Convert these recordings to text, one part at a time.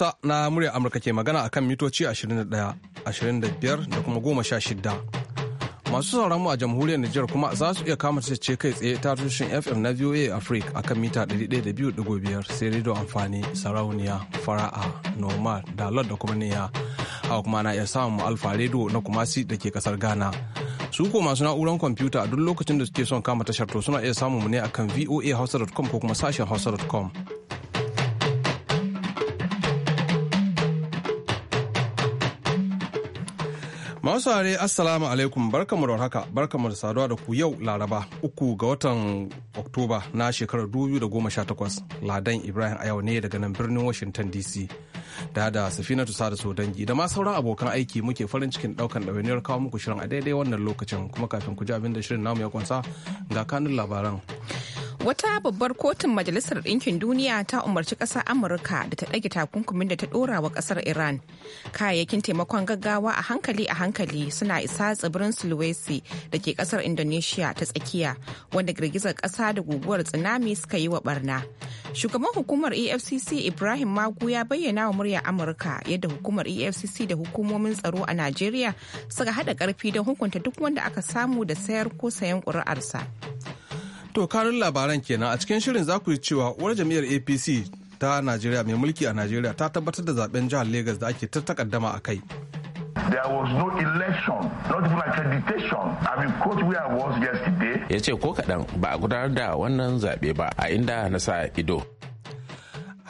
Hausa na murya Amurka ke magana akan mitoci 21, 25 da kuma 16. Masu sauran mu a jamhuriyar Nijar kuma za su iya kama ce kai tsaye ta tushen FM na VOA Africa akan mita 102.5 sai rediyo amfani sarauniya fara'a noma dalar da kuma niya. Hawa kuma na iya samun alfa rediyo na kumasi da ke kasar Ghana. Su ko masu na'uran kwamfuta a duk lokacin da suke son kama tashar to suna iya samun mu ne akan voahausa.com ko kuma sashen hausa.com. Masu saurare Assalamu alaikum barkamu da haka barkamu da saduwa da ku yau Laraba uku ga watan Oktoba na shekarar 2018 Ladan Ibrahim a yau ne daga nan birnin Washington DC da da safina tusa da dangi da ma sauran abokan aiki muke farin cikin daukan ɗawainiyar kawo muku shirin a daidai wannan lokacin kuma kafin ku ji abin da shirin namu ya kunsa ga kanun labaran. Wata babbar kotun Majalisar Ɗinkin Duniya ta umarci ƙasar Amurka da ta ɗage takunkumin da ta ɗora wa ƙasar Iran. Kayayyakin taimakon gaggawa a hankali a hankali suna isa tsibirin Sulawesi da ke ƙasar Indonesia ta tsakiya, wanda girgizar ƙasa da guguwar tsunami suka yi wa barna. Shugaban hukumar EFCC Ibrahim Magu ya bayyana wa murya Amurka yadda hukumar EFCC da hukumomin tsaro a Najeriya suka haɗa ƙarfi don hukunta duk wanda aka samu da sayar ko sayan ƙuri'arsa. To kanun labaran kenan a cikin shirin za ku yi cewa uwar jam'iyyar APC ta Najeriya mai mulki a Najeriya ta tabbatar da zaben jihar Legas da ake ta takaddama a kai. There was no election, not even accreditation. I mean, coach where I was yesterday. Ya ce ko kaɗan ba a gudanar da wannan zaɓe ba a inda na sa ido.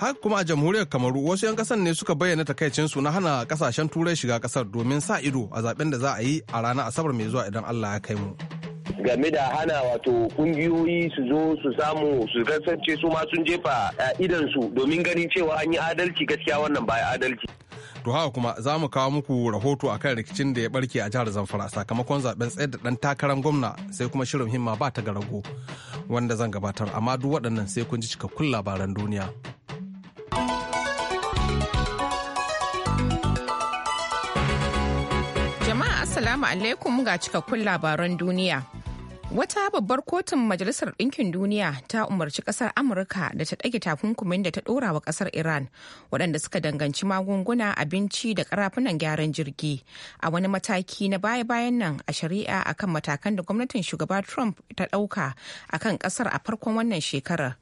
har kuma a jamhuriyar kamaru wasu 'yan kasan ne suka bayyana takaicinsu na hana kasashen turai shiga kasar domin sa ido a zaben da za a yi a ranar asabar mai zuwa idan allah ya kai mu game da hana wato kungiyoyi su zo su samu su kasance su ma sun jefa idan su domin ganin cewa an yi adalci gaskiya wannan ba adalci to haka kuma za mu kawo muku rahoto akan rikicin da ya barke a jihar zamfara sakamakon zaben tsayar da dan takarar gwamna sai kuma shirin himma ba ta garago wanda zan gabatar amma duk waɗannan sai kun ji cikakkun labaran duniya jama'a assalamu alaikum ga cikakkun labaran duniya Wata babbar kotun Majalisar Ɗinkin Duniya ta umarci ƙasar Amurka da ta ɗage takunkumin da ta ɗora wa ƙasar Iran waɗanda suka danganci magunguna abinci da ƙarafunan gyaran jirgi a wani mataki na baya-bayan nan a shari'a akan matakan da gwamnatin shugaba Trump ta ɗauka akan ƙasar a farkon wannan shekarar.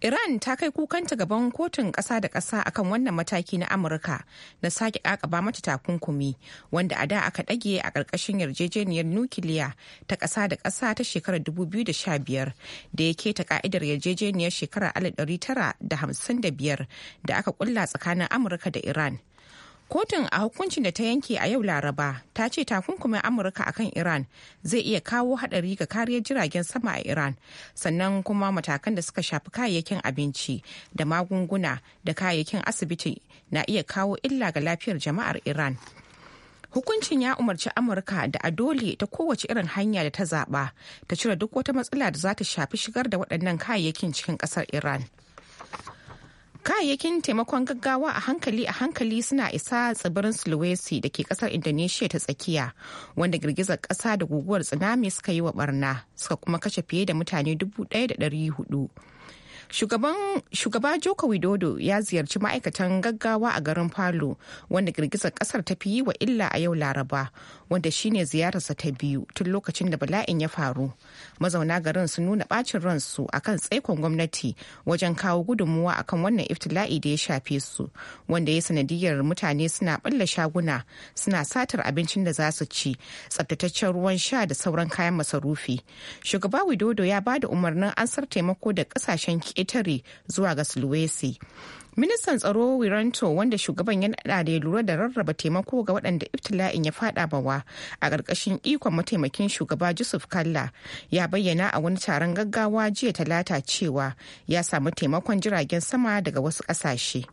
Iran ta kai kukanta gaban kotun ƙasa da ƙasa akan wannan mataki na Amurka na sake ƙaƙaba mata takunkumi wanda a da aka ɗage a ƙarƙashin yarjejeniyar nukiliya ta ƙasa da ƙasa ta shekarar 2015 da ya ta ƙa'idar yarjejeniyar shekarar 1955 da aka ƙulla tsakanin Amurka da Iran. kotun a hukuncin da ta yanke a yau laraba ta ce takunkumin amurka akan iran zai iya kawo hadari ga kariyar jiragen sama a iran sannan kuma matakan da suka shafi kayayyakin abinci da magunguna da kayayyakin asibiti na iya kawo illa ga lafiyar jama'ar iran hukuncin ya umarci amurka da a dole ta kowace irin hanya da ta zaba ta cire duk wata matsala da za ta shafi shigar da waɗannan kayayyakin cikin ƙasar iran kayayyakin taimakon gaggawa a hankali a hankali suna isa tsibirin sulawesi da ke kasar indonesia ta tsakiya wanda girgizar kasa da guguwar tsunami suka yi wa barna suka kuma kashe fiye da mutane 1,400 Shugaba Joko Widodo ya ziyarci ma'aikatan gaggawa a garin Palu wanda girgizar kasar ta fi yi wa illa a yau Laraba wanda shine ziyararsa ta biyu tun lokacin da bala'in ya faru. Mazauna garin su nuna bacin ransu akan tsaikon gwamnati wajen kawo gudunmuwa akan wannan iftila'i da ya shafe su wanda ya sanadiyar mutane suna balla shaguna suna satar abincin da za su ci tsabtataccen ruwan sha da sauran kayan masarufi. Shugaba Widodo ya ba da umarnin ansar taimako da kasashen Itari zuwa ga sulawesi ministan tsaro wiranto wanda shugaban ya nada da ya lura da rarraba taimako ga waɗanda ibtila'in ya fada bawa a ƙarƙashin ikon mataimakin shugaba Jusuf kalla ya bayyana a wani taron gaggawa jiya talata cewa ya samu taimakon jiragen sama daga wasu ƙasashe.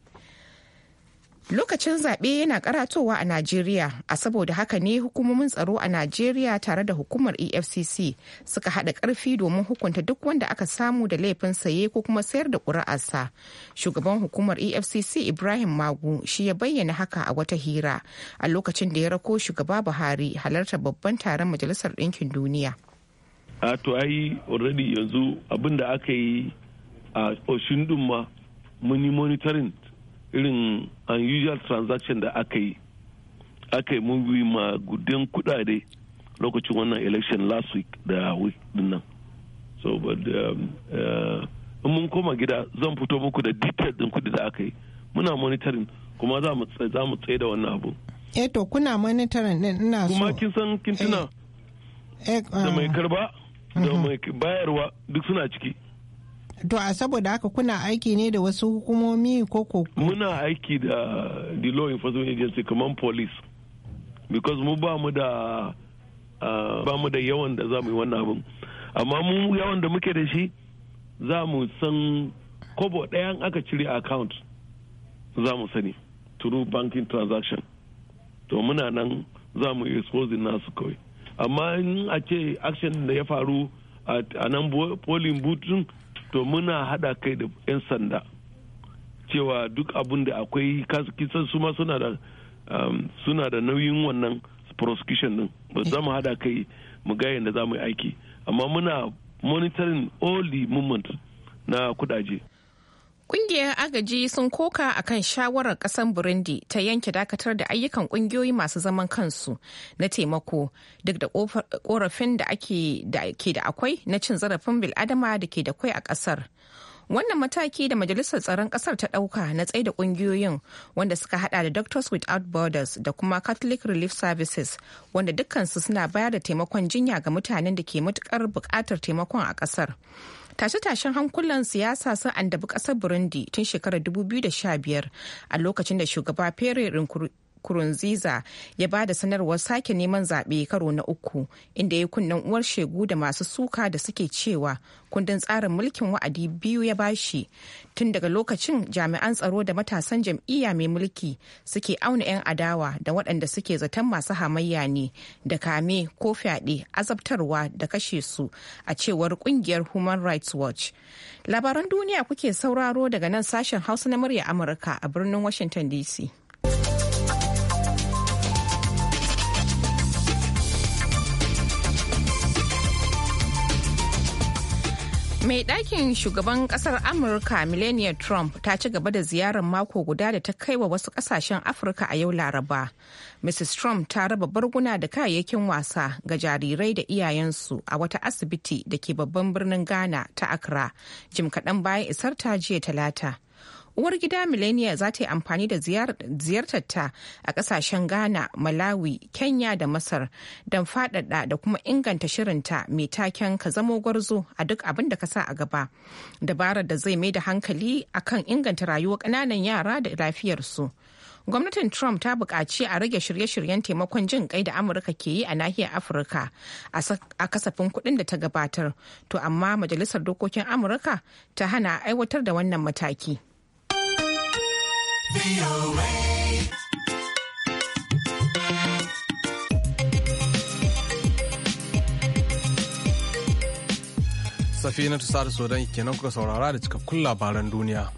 Lokacin zaɓe yana karatowa a Najeriya, a saboda haka ne hukumomin tsaro a Najeriya tare da hukumar EFCC suka haɗa ƙarfi domin hukunta duk wanda aka samu da laifin saye ko kuma sayar da ƙuri'arsa. Shugaban hukumar EFCC Ibrahim Magu shi ya bayyana haka a wata hira a lokacin da ya rako shugaba Buhari halartar babban taron Majalisar Ɗinkin Duniya. A to ai already yanzu abin da aka yi a ma mun yi monitoring irin unusual transaction da aka yi aka yi mubi ma gudun kudade lokacin wannan election last week da week din nan so but um, uh, in mun koma gida zan fito muku da detail din kudi da aka yi muna monitoring kuma za mu tsaye da wannan abu eh to kuna monitoring din ina so kuma kin san kin tuna eh, eh, da mai uh, karba da mhm. mai bayarwa duk suna ciki To a saboda haka kuna aiki ne da wasu hukumomi ko ko? Muna aiki da the law enforcement agency kamar police because mu ba mu da ah, ba mu da yawan da za mu yi wannan abin amma mu yawan da muke da shi za mu san kobo ɗayan aka cire account za mu sani through banking transaction to muna nan za mu expose nasu kawai amma in a ce action da ya faru a nan polling booth to muna haɗa kai da 'yan sanda cewa duk abin da akwai kisan su um, suna da nauyin wannan prosecution din ba za mu haɗa kai mu ga yadda za mu yi aiki amma muna monitoring all the movement na kudaje. Ƙungiyar agaji sun koka a kan shawarar ƙasar Burundi ta yanke dakatar da ayyukan ƙungiyoyi masu zaman kansu na taimako duk da ƙorafin da ke da akwai na cin zarafin bil'adama da ke da kwai a ƙasar. Wannan mataki da Majalisar Tsaron ƙasar ta ɗauka na tsaida ƙungiyoyin wanda suka hada da Doctors Without Borders da kuma Catholic Relief Services wanda dukkansu suna bayar da taimakon jinya ga mutanen da ke matukar buƙatar taimakon a ƙasar. tashe-tashen hankulan siyasa sun andabi kasar burundi tun shekarar 2015 a lokacin da shugaba pierre kurunziza ya ba da sanarwar sake neman zaɓe karo na uku inda ya kunnen uwar shegu da masu suka da suke cewa kundin tsarin mulkin wa'adi biyu ya bashi tun daga lokacin jami'an tsaro da matasan jam'iyya mai mulki suke auna 'yan adawa da waɗanda suke zaton masu hamayya ne da kame ko fyaɗe azabtarwa da kashe su a cewar ƙungiyar human rights watch labaran duniya kuke sauraro daga nan sashen hausa na murya amurka a birnin washington dc Mai ɗakin shugaban ƙasar Amurka millennia Trump ta ci gaba da ziyarar mako guda da ta kai wa wasu ƙasashen Afirka a yau Laraba. Mrs. Trump ta raba barguna da kayayyakin wasa ga jarirai da iyayensu a wata asibiti da ke babban birnin Ghana ta Accra, jim kaɗan bayan isar ta jiya talata. uwar gida millennia za ta yi amfani da ziyartarta a kasashen ghana malawi kenya da masar don faɗaɗa da kuma inganta shirinta mai taken ka zamo gwarzo a duk abin da ka sa a gaba dabarar da zai mai da hankali akan inganta rayuwar ƙananan yara da lafiyarsu gwamnatin trump ta buƙaci a rage shirye-shiryen taimakon jin kai da amurka ke yi a nahiyar afirka a kasafin kuɗin da ta gabatar to amma majalisar dokokin amurka ta hana aiwatar da wannan mataki. Safi na tusa da Sodan kenan kuka saurara da cikakkun labaran duniya.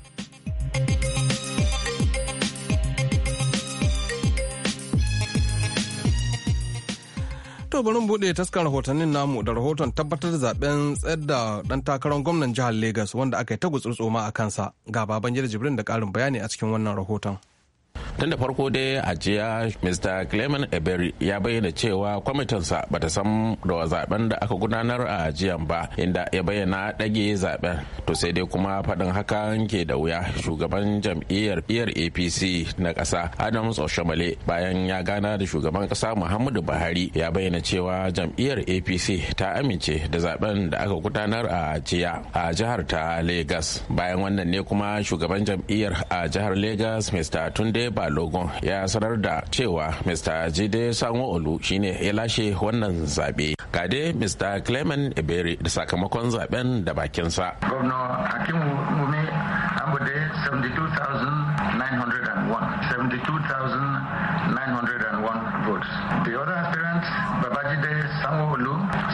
to bari mu buɗe taskar rahotannin namu da rahoton tabbatar da zaben tsayar da ɗan takarar gwamnan jihar Legas wanda aka yi ta gutsurtsoma a kansa. Ga baban Jibrin da ƙarin bayani a cikin wannan rahoton. tun da farko dai a jiya mr clement eberi ya bayyana cewa kwamitinsa bata san da zaben da aka gudanar a jiyan ba inda ya bayyana dage zaben to sai dai kuma faɗin haka ke da wuya shugaban jam'iyyar iyar apc na ƙasa adams oshomale bayan ya gana da shugaban ƙasa muhammadu buhari ya bayyana cewa jam'iyyar apc ta amince da zaben da aka gudanar a jiya a jihar ta lagos bayan wannan ne kuma shugaban jam'iyyar a jihar lagos mr tunde ba alogon ya sanar da cewa mr jide sanwo olu shine ya lashe wannan zaɓe gade mr clement eberi da sakamakon zaben da bakinsa gwamna hakimu mumi abu da 72,900 72,901 votes. The other aspirant, Babajide sanwo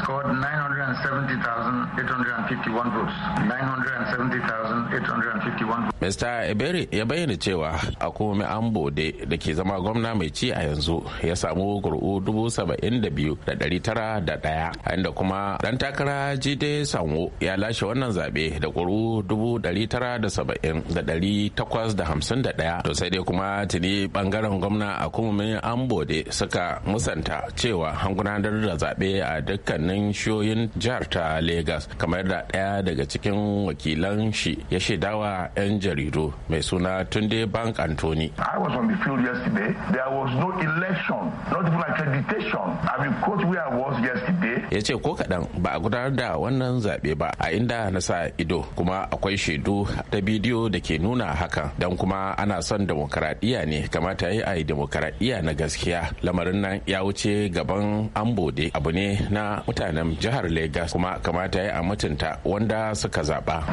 scored 970,851 votes. Ebere ya bayyana cewa a kuma an bode da ke zama gwamna mai ci a yanzu ya samu kuri'u 72,901 a inda kuma dan takara Jide Sanwo ya lashe wannan zaɓe da kuri'u 970,851 to sai dai kuma tuni bangaren gwamna a kuma bode suka musanta cewa an gudanar da zaɓe a dukkanin shoyin jihar ta lagos kamar da ɗaya daga cikin wakilan shi ya shaidawa 'yan jaridu mai suna tunde bank antoni i was ya ce ko kaɗan ba a gudanar da wannan zaɓe ba a inda na sa ido kuma akwai shaidu ta bidiyo da ke nuna hakan don kuma ana son da demokaradiyya ne kamata yi a yi demokaradiyya na gaskiya lamarin nan ya wuce gaban an bode abu ne na mutanen jihar Legas kuma kamata yi a mutunta wanda suka zaɓa.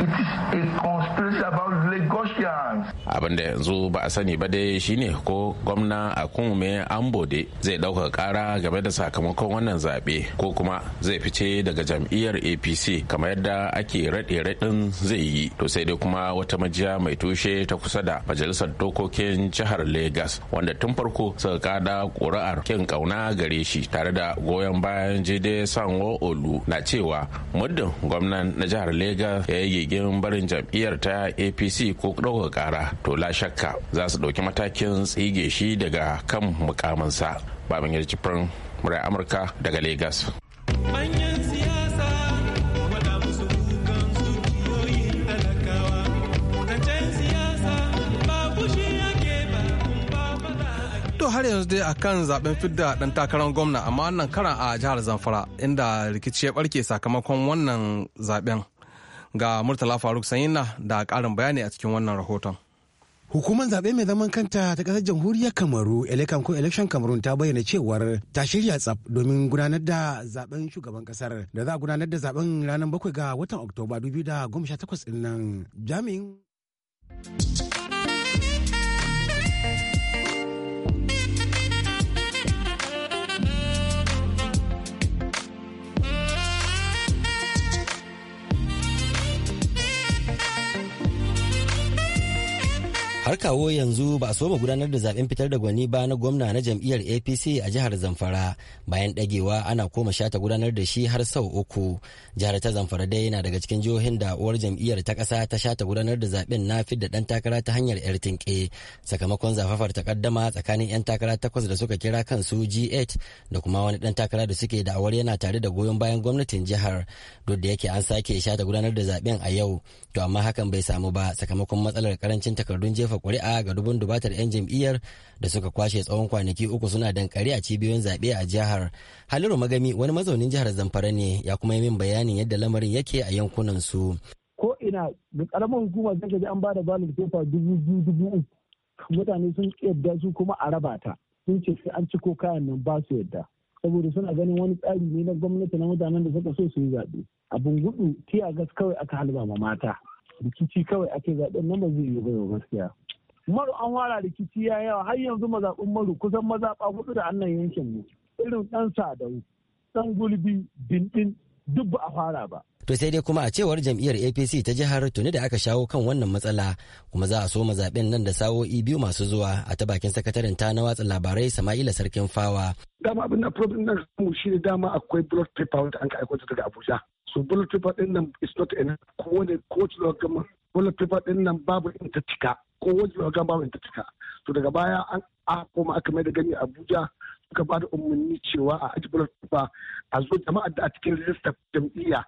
Abin da yanzu ba a sani ba dai shine ko gwamna a kunme an bode zai ɗauka ƙara game da sakamakon wannan zaɓe ko kuma zai fice daga jam'iyyar APC kamar yadda ake raɗe-raɗin zai yi to sai dai kuma wata majiya mai tushe ta kusa da majalisar dokokin gwamnonin jihar Legas wanda tun farko suka kada ƙuri'ar kin kauna gare shi tare da goyon bayan Jide Sanwo Olu na cewa muddin gwamnan na jihar Legas ya yi gigin barin jam'iyyar ta APC ko ɗaukar ƙara to la shakka za su ɗauki matakin tsige shi daga kan mukaminsa. Babin Yarci Firin, Murai Amurka daga Legas. yanzu dai akan zaben fidda dan takarar gwamna amma wannan karan a jihar Zamfara inda rikici ya barke sakamakon wannan zaben. Ga Murtala Faruk Sanyina da karin bayani a cikin wannan rahoton. Hukumar zaɓe mai zaman kanta ta ƙasar jamhuriyar Kamaru, Elekan ko Election Cameroon ta bayyana cewar ta shirya tsaf domin gudanar da zaben shugaban ƙasar da za a gudanar da zaben ranar bakwai ga watan Oktoba 2018 ɗin nan. Jami'in. har kawo yanzu ba a soma gudanar da zaben fitar da gwani ba na gwamna na jam'iyyar apc a jihar zamfara bayan dagewa ana koma shata gudanar da shi har sau uku jihar ta zamfara dai yana daga cikin jihohin da uwar jam'iyyar ta kasa ta shata gudanar da zaben na fidda dan takara ta hanyar yar tinke sakamakon zafafar takaddama tsakanin yan takara takwas da suka kira kansu g8 da kuma wani dan takara da suke da awar yana tare da goyon bayan gwamnatin jihar duk da yake an sake shata gudanar da zaben a yau to amma hakan bai samu ba sakamakon matsalar karancin takardun jefa kuri'a ga dubun dubatar 'yan jam'iyyar da suka kwashe tsawon kwanaki uku suna dankare a cibiyoyin zaɓe a jihar haliru magami wani mazaunin jihar zamfara ne ya kuma yi min bayanin yadda lamarin yake a yankunan su ko ina da karamin hukumar zaka ji an ba da balin paper dubu biyu dubu uku mutane sun yadda su kuma a raba ta sun ce sai an ciko kayan nan ba su yadda saboda suna ganin wani tsari ne na gwamnati na mutanen da suka so su yi zaɓe abin gudu tiya gas kawai aka halba ma mata rikici kawai ake zaɓen nan ba zai yi ba gaskiya maru an fara rikici ya yawa har yanzu mazaɓin maru kusan mazaɓa hudu da annan yankin mu irin ɗan sadau ɗan gulbi dindin duk ba a fara ba to sai dai kuma a cewar jam'iyyar apc ta jihar tuni da aka shawo kan wannan matsala kuma za a so mazaɓen nan da sawo'i biyu masu zuwa a ta bakin sakataren ta na watsa labarai sama'ila sarkin fawa dama abin da problem na shi dama akwai block paper wanda an ka aiko daga abuja su bullet paper din nan is not enough ci kowace gama bullet paper din nan babu in ko wani kowace gama babu in cika to daga baya an a koma aka mai da gani abuja suka ba da umarni cewa a uh, aji bullet paper a zo jama'a da a cikin rijistar jam'iyya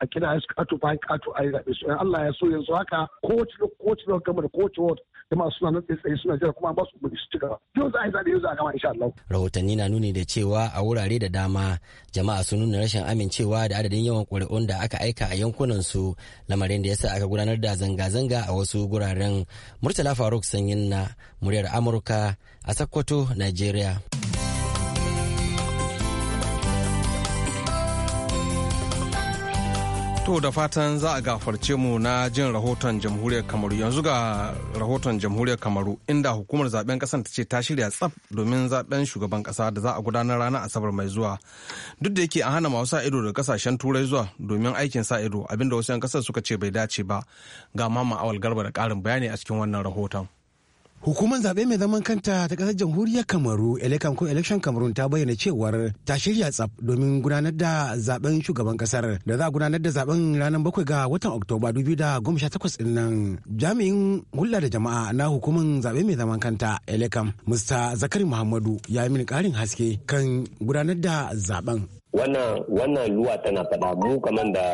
a kina kira su kato bayan kato a yi zaɓe su in Allah ya so yanzu haka ko kowace kowace gama da kowace wata. jama'a suna nan tsaye suna jira kuma ba su gudu su cigaba yau za a yi zaɓe yau za a gama insha Allah. rahotanni na nuni da cewa a wurare da dama jama'a sun nuna rashin amincewa da adadin yawan ƙuri'un da aka aika a yankunan su lamarin da yasa aka gudanar da zanga-zanga a wasu guraren murtala faruk sanyin na muryar amurka a sakkwato nigeria. To da fatan za a gafarce mu na jin rahoton jamhuriyar Kamaru yanzu ga rahoton jamhuriyar Kamaru inda hukumar zaben kasan ta ce ta shirya tsaf domin zaben shugaban kasa da za a gudanar ranar Asabar mai zuwa. Duk da yake a hana masu sa ido da kasashen turai zuwa domin aikin sa ido abinda wasu 'yan kasar suka ce bai dace ba ga mama awal garba da karin bayani a cikin wannan rahoton. Hukumar zaɓe mai zaman kanta ta ƙasar jamhuriyar Kamaru, Elekan ko Election kamarun ta bayyana cewar ta shirya tsaf domin gudanar da zaben shugaban ƙasar da za a gudanar da zaɓen ranar bakwai ga watan Oktoba 2018 ɗin nan. Jami'in hulɗa da jama'a na hukumar zaɓe mai zaman kanta Elekan, Mr. Zakari Muhammadu ya yi mini ƙarin haske kan gudanar da zaɓen. wannan wannan luwa tana faɗa mu kaman da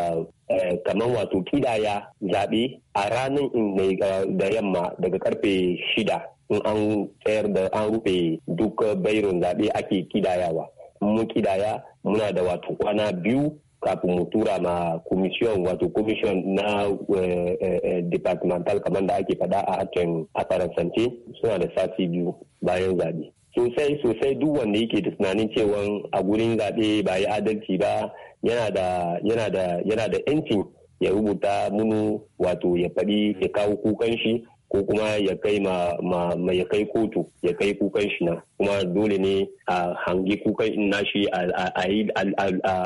eh, kamar wato kidaya zaɓe a ranar eh, da yamma daga karfe shida in an tsayar da an rufe duk bayron zaɓe ake kidayawa mu kidaya muna da wato kwana biyu kafin mu tura ma commission wato commission na eh, departmental kamar da ake faɗa a harshen a faransance suna da sati biyu bayan zaɓe sosai sosai duk wanda yake da tunanin cewa a gurin zaɓe ba yi adalci ba yana da yana da yana da yancin ya rubuta munu wato ya faɗi ya kawo kukan shi ko kuma ya kai ma, ma, ma ya kai kotu ya kai kukan shi na kuma dole ne a hangi kukan nashi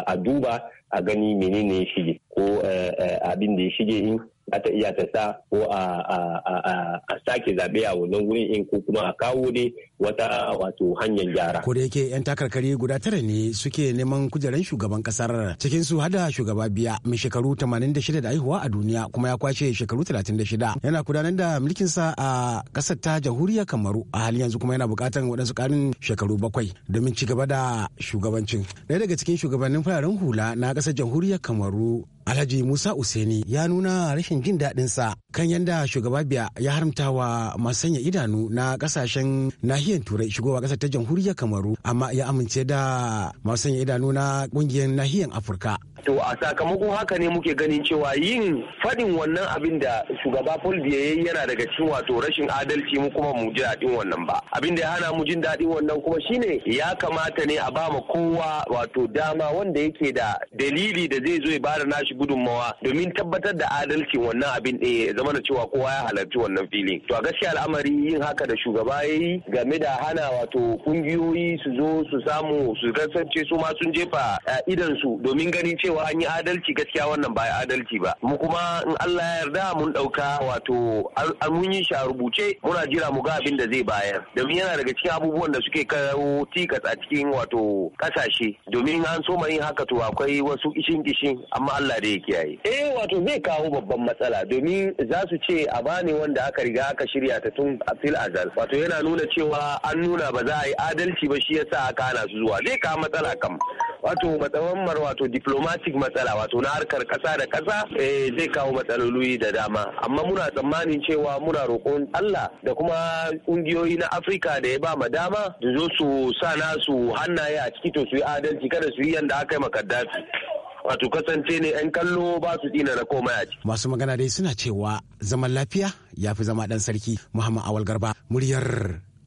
a duba a gani menene shige ko eh, eh, abin da ya shige in za ta iya ta sa ko a sake zaɓe a wannan wurin in ko kuma a kawo ne wata wato hanyar gyara. Ko da yake 'yan takarkari guda tara ne suke neman kujerar shugaban kasar cikin su hada shugaba biya mai shekaru 86 da haihuwa a duniya kuma ya kwashe shekaru 36 yana gudanar da mulkinsa a kasar ta jamhuriyar kamaru a halin yanzu kuma yana buƙatar waɗansu ƙarin shekaru bakwai domin ci gaba da shugabancin. Ɗaya daga cikin shugabannin fararen hula na ƙasar jamhuriyar kamaru Alhaji Musa Useni ya nuna rashin jin daɗinsa kan yadda shugaba biya ya haramta wa masu sanya idanu na ƙasashen nahiyar Turai shigowa ƙasar ta jamhuriyar Kamaru amma ya amince da masu sanya idanu na ƙungiyar nahiyar Afirka. To a sakamakon haka ne muke ganin cewa yin faɗin wannan abin da shugaba Paul Biya yana daga cikin wato rashin adalci mu kuma mu ji daɗin wannan ba. Abin da ya hana mu jin daɗin wannan kuma shine ya kamata ne a ba ma kowa wato dama wanda yake da dalili da zai zo ya bada nashi gudunmawa domin tabbatar da adalcin wannan abin ɗaya eh, ya zama da cewa kowa ya halarci wannan filin to a gaskiya al'amari yin haka da shugaba ya yi game da hana wato kungiyoyi su zo su samu su kasance su ma sun jefa idan su domin ganin cewa an yi adalci gaskiya wannan ba adalci ba mu kuma in Allah ya yarda mun ɗauka wato an mun yi shi a rubuce muna jira mu ga abin da zai bayar domin yana daga cikin abubuwan da suke kawo tikas a cikin wato kasashe domin an so yin haka to akwai wasu kishin kishin amma Allah da ya kiyaye. Eh wato zai kawo babban matsala domin za su ce a bani wanda aka riga aka shirya ta tun fil azal wato yana nuna cewa an nuna ba za a yi adalci ba shi ya sa aka hana su zuwa zai kawo matsala kam wato matsawammar wato diplomatic matsala wato na harkar kasa da kasa eh, zai kawo matsaloli da dama amma muna tsammanin cewa muna roƙon Allah da kuma ƙungiyoyi na Afirka da ya ba ma dama da zo su sa nasu hannaye a ciki to su yi adalci kada su yi yanda aka yi makaddafi. wato kasance ne 'yan kallo ba su tsina na komai a ciki. Masu magana dai suna cewa zaman lafiya ya fi zama ɗan sarki Muhammad Awal Garba muryar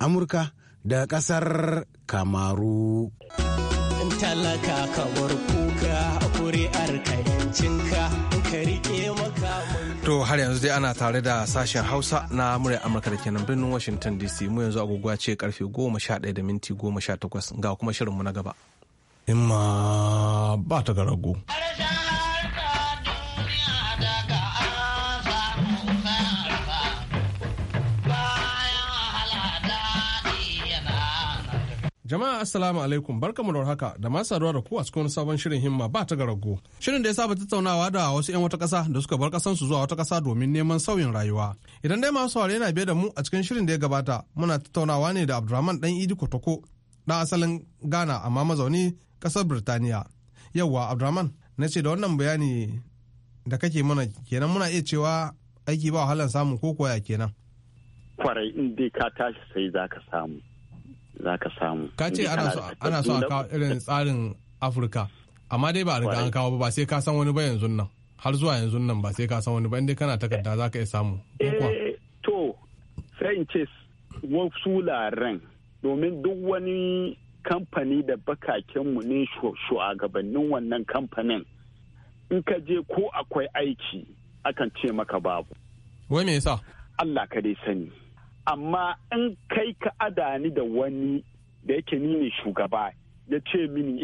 Amurka da ƙasar Kamaru. Talaka ka kuka a kuri'ar ka ka To har yanzu dai ana tare da sashen Hausa na muryar Amurka da ke nan birnin Washington DC mu yanzu agogwa ce karfe goma sha ɗaya da minti goma sha takwas ga kuma shirinmu na gaba. himma ba ta ga rago. Jama'a Assalamu alaikum barkamu da haka da masu saduwa da ku a cikin sabon shirin himma ba ta garago. Shirin da ya saba tattaunawa da wasu 'yan wata ƙasa da suka bar ƙasansu zuwa wata ƙasa domin neman sauyin rayuwa. Idan dai masu saurare yana biye da mu a cikin shirin da ya gabata muna tattaunawa ne da Abdulrahman Dan Idi Kotoko ɗan asalin Ghana amma mazauni kasar Birtaniya. Yawwa Abdurrahman na ce da wannan bayani da kake mana kenan muna iya cewa aiki ba wahalar samu ko koya kenan. Kwarai in dai ka tashi sai za ka samu. Za ka samu. Ka ce ana so a kawo irin tsarin Afirka. Amma dai ba a riga an kawo ba sai ka san wani ba yanzu nan. Har zuwa yanzu nan ba sai ka san wani ba inda kana takarda za ka iya samu. Eh, to sai in ce wasu laren domin duk wani kamfani da bakakenmu ne shugabannin wannan kamfanin in ka je ko akwai aiki akan ce maka babu. Wai me yasa? Allah ka dai sani. Amma in kai ka adani da wani da yake ni ne shugaba ya ce mini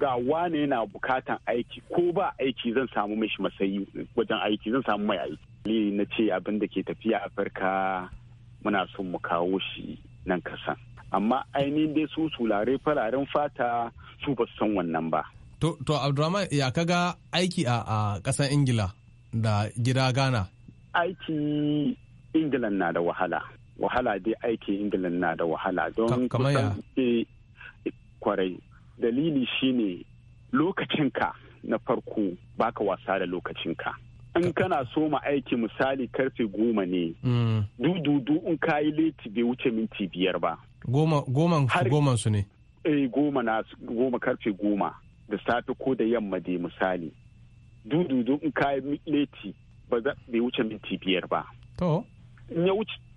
ga wane yana bukatan aiki ko ba aiki zan samu mishi masayi wajen aiki zan samu mai aiki. Ni na ce abin da ke tafiya a farka muna son mu kawo shi nan kasan. amma ainihin dai su sulare fararen fata su ba su san wannan ba. To, to Abdurrahman ya kaga aiki a, a ƙasar Ingila da gida Ghana? Aiki Ingila na da wahala. Wahala dai aiki Ingila na da wahala don kusan eh, kwarai. Dalili shine lokacinka na farko baka wasa da lokacinka. in kana so ma aiki misali karfe goma ne mm. dududu in kayi leti bai wuce minti biyar ba goma su ne eh goma na goma karfe goma da safe ko da yamma dai misali dududu in kayi leti bai wuce minti biyar ba to in ya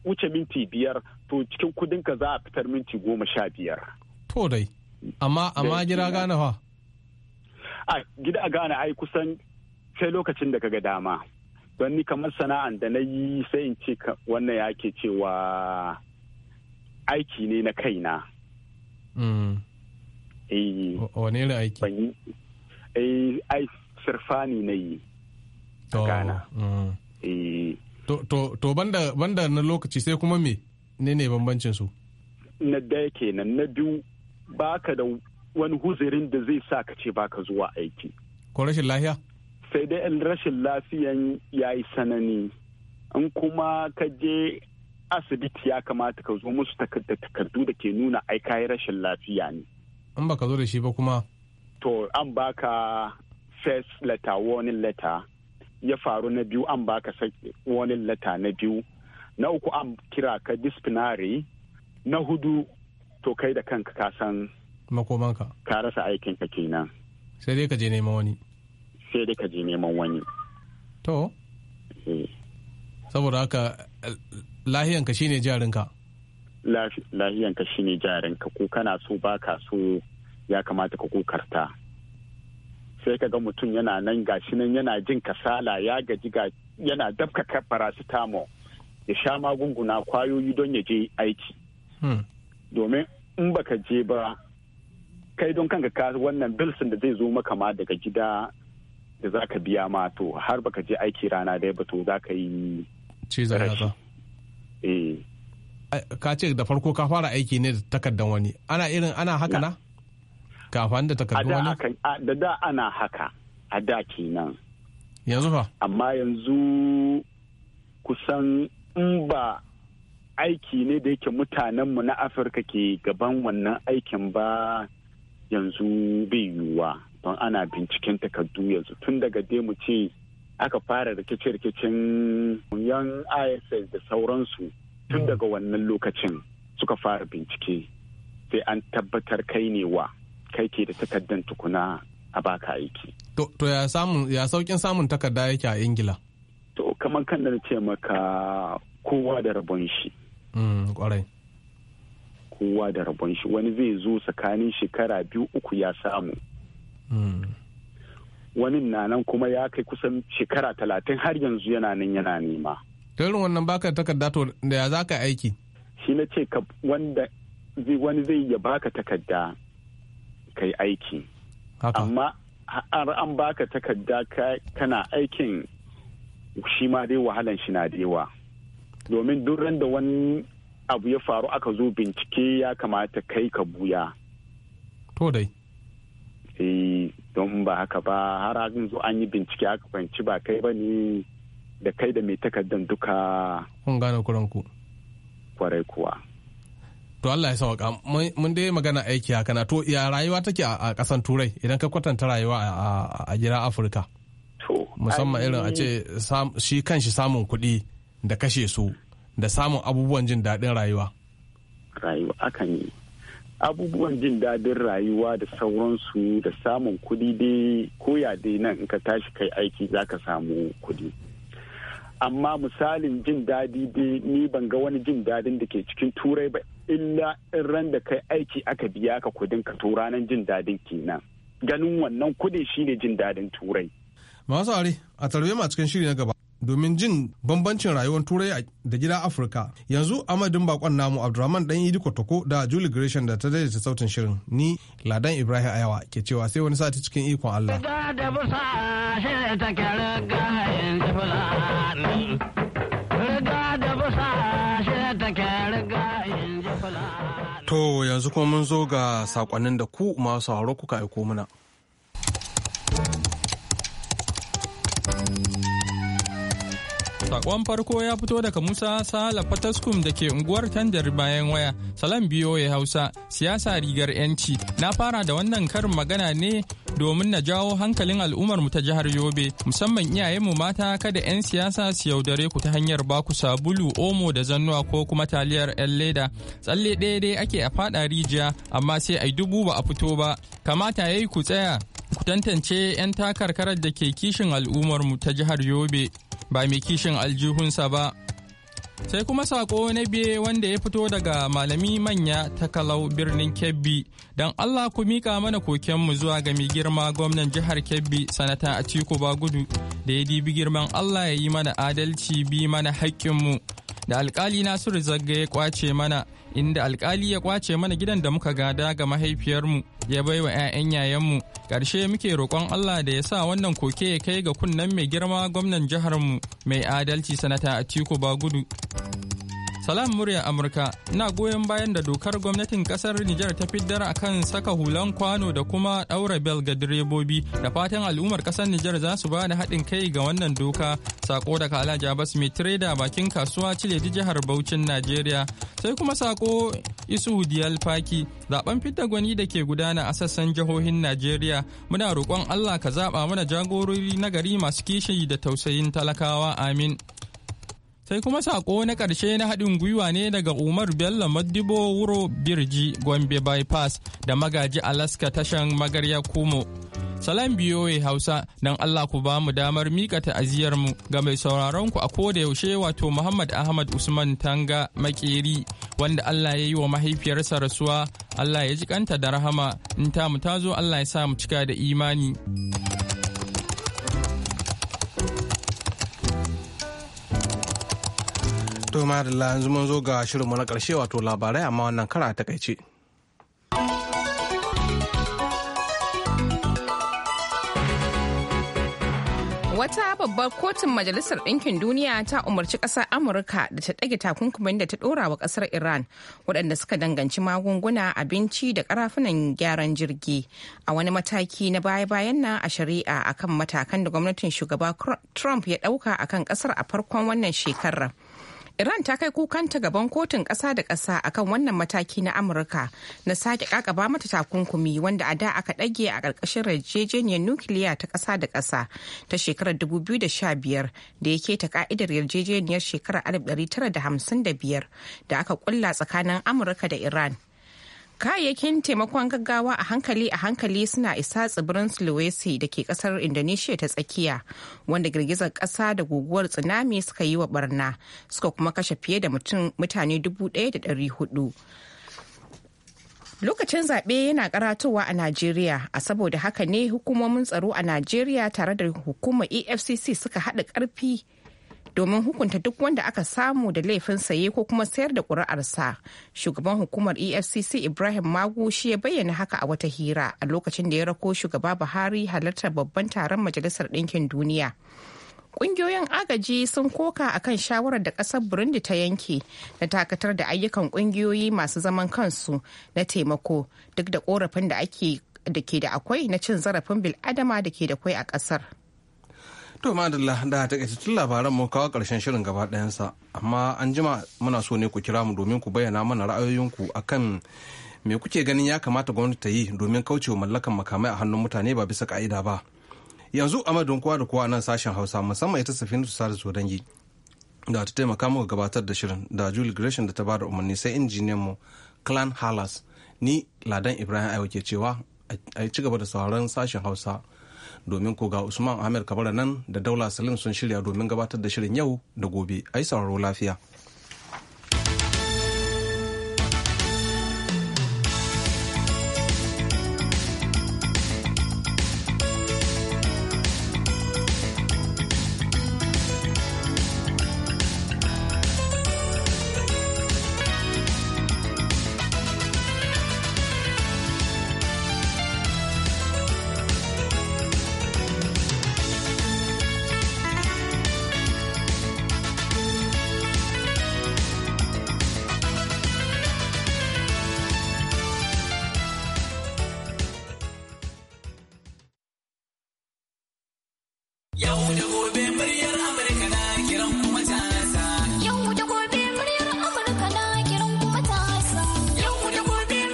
wuce minti biyar to cikin kudinka za a fitar minti goma sha biyar to dai amma amma gida gane fa a gida a gane ai kusan sai lokacin da kaga dama don ni kamar sana'an da na yi sai in ce wannan ya ke cewa aiki ne na kaina mm. eh. wane irin aiki eh, ai sirfani na yi a ghana mm. eh. to banda na lokaci sai kuma me ne ne bambancin su na daya kenan na biyu baka da wani huzurin da zai sa ka ce baka zuwa aiki ko rashin lahiya sai dai in rashin lafiyan ya yi sanani in kuma ka je asibiti ya kamata ka zo musu takardu da ke nuna ai rashin lafiya ne in ka zo da shi ba kuma to an baka first letter warning letter ya faru na biyu an baka warning letter na biyu na uku an kira ka disciplinary na hudu to kai da kanka ka san makomanka ka rasa aikinka kenan sai dai ka je neman wani sai dai ka je neman wani to eh. saboda haka eh, lahiyanka shine jarinka lahiyanka shine jarinka ko kana so ba ka so ya kamata ka kokarta sai ka ga mutum yana nan gashi nan yana jin kasala ya gaji ga yana dabka paracetamol ya sha magunguna kwayoyi don ya je aiki hmm. domin in baka je ba kai don kanka ka wannan bilsin da zai zo maka ma daga gida da za ka biya ma to har baka je aiki rana dai ba to za ka yi cizon yatsa eh ka ce da farko ka fara aiki ne da takardan wani ana irin ana haka na kafan da takardan wani da da ana haka a da kenan yanzu fa amma yanzu kusan in ba aiki ne da yake mutanenmu na afirka ke gaban wannan aikin ba yanzu bai yiwuwa don ana binciken takardu yanzu tun daga dai mu ce aka fara rikice-rikicen yan iss da sauransu tun hmm. daga wannan lokacin suka fara bincike sai an tabbatar kai ne wa kai ke da takardan tukuna a baka aiki to ya samun ya saukin samun takarda yake a ingila to kamar kan da ce maka kowa da rabon shi hmm, kwarai kowa da rabon shi wani zai zo tsakanin shekara biyu uku ya samu wani na nan kuma ya kai kusan shekara talatin har yanzu yana nan yana nema irin wannan baka takarda to da ya za ka aiki shi na ce wani zai ya baka takarda kai aiki amma har an baka takarda kana aikin shi ma dai wahalan shi na da yawa domin duk ran da wani abu ya faru aka zo bincike ya kamata kai ka buya to dai sai eh, don ba haka ba har an zo an yi bincike aka fahimci ba kai ba ne da kai da mai takardar duka kun gane kuranku kwarai kuwa to Allah ya sauka mun dai magana aiki haka na to ya rayuwa take a kasan turai idan ka kwatanta rayuwa a gida afirka musamman irin a ce shi kanshi samun kuɗi da kashe su da samun abubuwan jin daɗin rayuwa rayuwa akan yi abubuwan jin daɗin rayuwa da sauransu da samun kudi dai koya dai nan in ka tashi kai aiki za ka samu kudi amma misalin jin daɗi dai ni ban ga wani jin daɗin da ke cikin turai ba illa in ran da kai aiki aka biya ka kudin ka to ranar jin daɗin kenan ganin wannan kuɗin shine jin daɗin turai masu a tarbe ma cikin shiri na gaba domin jin bambancin rayuwar turai da gida afirka yanzu amadin bakon namu abdurrahman dan idi kotoko da julie gresham da ta daidaita sautin shirin ni ladan ibrahim ayawa ke cewa sai wani sati cikin ikon allah To yanzu kuma mun zo ga sakonnin da ku masu sauraro kuka aiko mana. Sakon farko ya fito daga Musa Sala Fataskum da ke unguwar Tandar bayan waya. Salam biyo ya Hausa, siyasa rigar 'yanci. Na fara da wannan karin magana ne domin na jawo hankalin al'ummar mu ta jihar Yobe, musamman iyayenmu mata kada 'yan siyasa su yaudare ku ta hanyar baku sabulu, omo da zannuwa ko kuma taliyar 'yan leda. Tsalle ɗaya dai ake a faɗa rijiya, amma sai ai dubu ba a fito ba. Kamata yayi ku tsaya ku tantance 'yan takarkarar da ke kishin al'ummar mu ta jihar Yobe ba mai kishin aljihunsa ba sai kuma sako na biye wanda ya fito daga malami manya ta kalau birnin kebbi don allah ku mika mana kokenmu zuwa ga mai girma gwamnan jihar kebbi sanata a ba gudu da ya dibi girman allah ya yi mana adalci bi mana haƙƙinmu da alkali nasiru zagga ya kwace mana inda alkali ya kwace mana gidan da muka gada ga mahaifiyarmu ya baiwa 'ya'yan yayanmu ƙarshe muke roƙon allah da ya sa wannan koke ya kai ga kunnen mai girma gwamnan jiharmu mai adalci sanata atiku gudu. Salam murya Amurka na goyon bayan da dokar gwamnatin kasar Nijar ta a kan saka hulan kwano da kuma ɗaura bel ga direbobi da fatan al'ummar kasar Nijar za su ba haɗin kai ga wannan doka sako daga Alhaji Abbas mai tireda bakin kasuwa cile ta jihar Bauchin Najeriya sai kuma sako Isu Diyal Faki zaben fidda gwani da ke gudana a sassan jihohin Najeriya muna roƙon Allah ka zaɓa mana jagorori na gari masu kishi da tausayin talakawa amin. sai kuma sako na ƙarshe na haɗin gwiwa ne daga umar bello madibo wuro birji gombe bypass da magaji alaska tashan magarya kumo salam biyoyi hausa don allah ku ba mu damar mika mu ga mai sauraron ku a koda yaushe wato muhammad ahmad usman tanga makeri wanda allah ya yi wa mahaifiyarsa rasuwa allah ya ji kanta da rahama in ta mu tazo allah ya sa mu cika da imani. To ma da yanzu mun zo ga shirinmu na ƙarshe wato labarai amma wannan kara ta kaice. Wata babbar kotun Majalisar Ɗinkin Duniya ta umarci ƙasar Amurka da ta ɗage takunkumin da ta ɗora wa ƙasar Iran waɗanda suka danganci magunguna, abinci da ƙarafunan gyaran jirgi a wani mataki na baya-bayan nan a shari'a akan matakan da gwamnatin shugaba Trump ya ɗauka akan ƙasar a farkon wannan shekarar. Iran ta kai kukanta gaban kotun ƙasa da ƙasa akan wannan mataki na Amurka na sake kakaba mata takunkumi wanda a da aka ɗage a ƙarƙashin yarjejeniyar nukiliya ta ƙasa da ƙasa ta shekarar 2015 da yake ta ka'idar yarjejeniyar shekarar 1955 da aka ƙulla tsakanin Amurka da Iran kayayyakin taimakon gaggawa a hankali a hankali suna isa tsibirin sulawesi da ke kasar indonesia ta tsakiya wanda girgizar kasa da guguwar tsunami suka yi wa barna suka kuma kashe fiye da mutane 1,400 lokacin zaɓe yana karatowa a najeriya a saboda haka ne hukumomin tsaro a najeriya tare da hukumar efcc suka haɗa ƙarfi domin hukunta duk wanda aka samu da laifin saye ko kuma sayar da ƙuri'arsa shugaban hukumar efcc ibrahim magu shi ya bayyana haka a wata hira a lokacin da ya rako shugaba buhari halartar babban taron majalisar ɗinkin duniya ƙungiyoyin agaji sun koka a kan shawarar da ƙasar burundi ta yanke na takatar da ayyukan ƙungiyoyi masu zaman kansu na taimako duk da ƙorafin da da ke da akwai na cin zarafin bil'adama da ke da kwai a ƙasar. To madalla da ta tun labaran mu kawo karshen shirin gaba ɗayansa amma an jima muna so ne ku kira mu domin ku bayyana mana ra'ayoyinku akan me kuke ganin ya kamata gwamnati ta yi domin kaucewa mallakan makamai a hannun mutane ba bisa ka'ida ba. Yanzu amadun kowa da kowa nan sashen Hausa musamman ita Safinatu Sada Sodangi da ta taimaka muka gabatar da shirin da Julie Gresham da ta bada umarni sai injiniyan mu Clan Halas ni Ladan Ibrahim Ayo ke cewa a ci gaba da sauraron sashen Hausa. domin ko ga usman ahmed kabara nan da daula salim sun shirya domin gabatar da shirin yau da gobe ai sauraro lafiya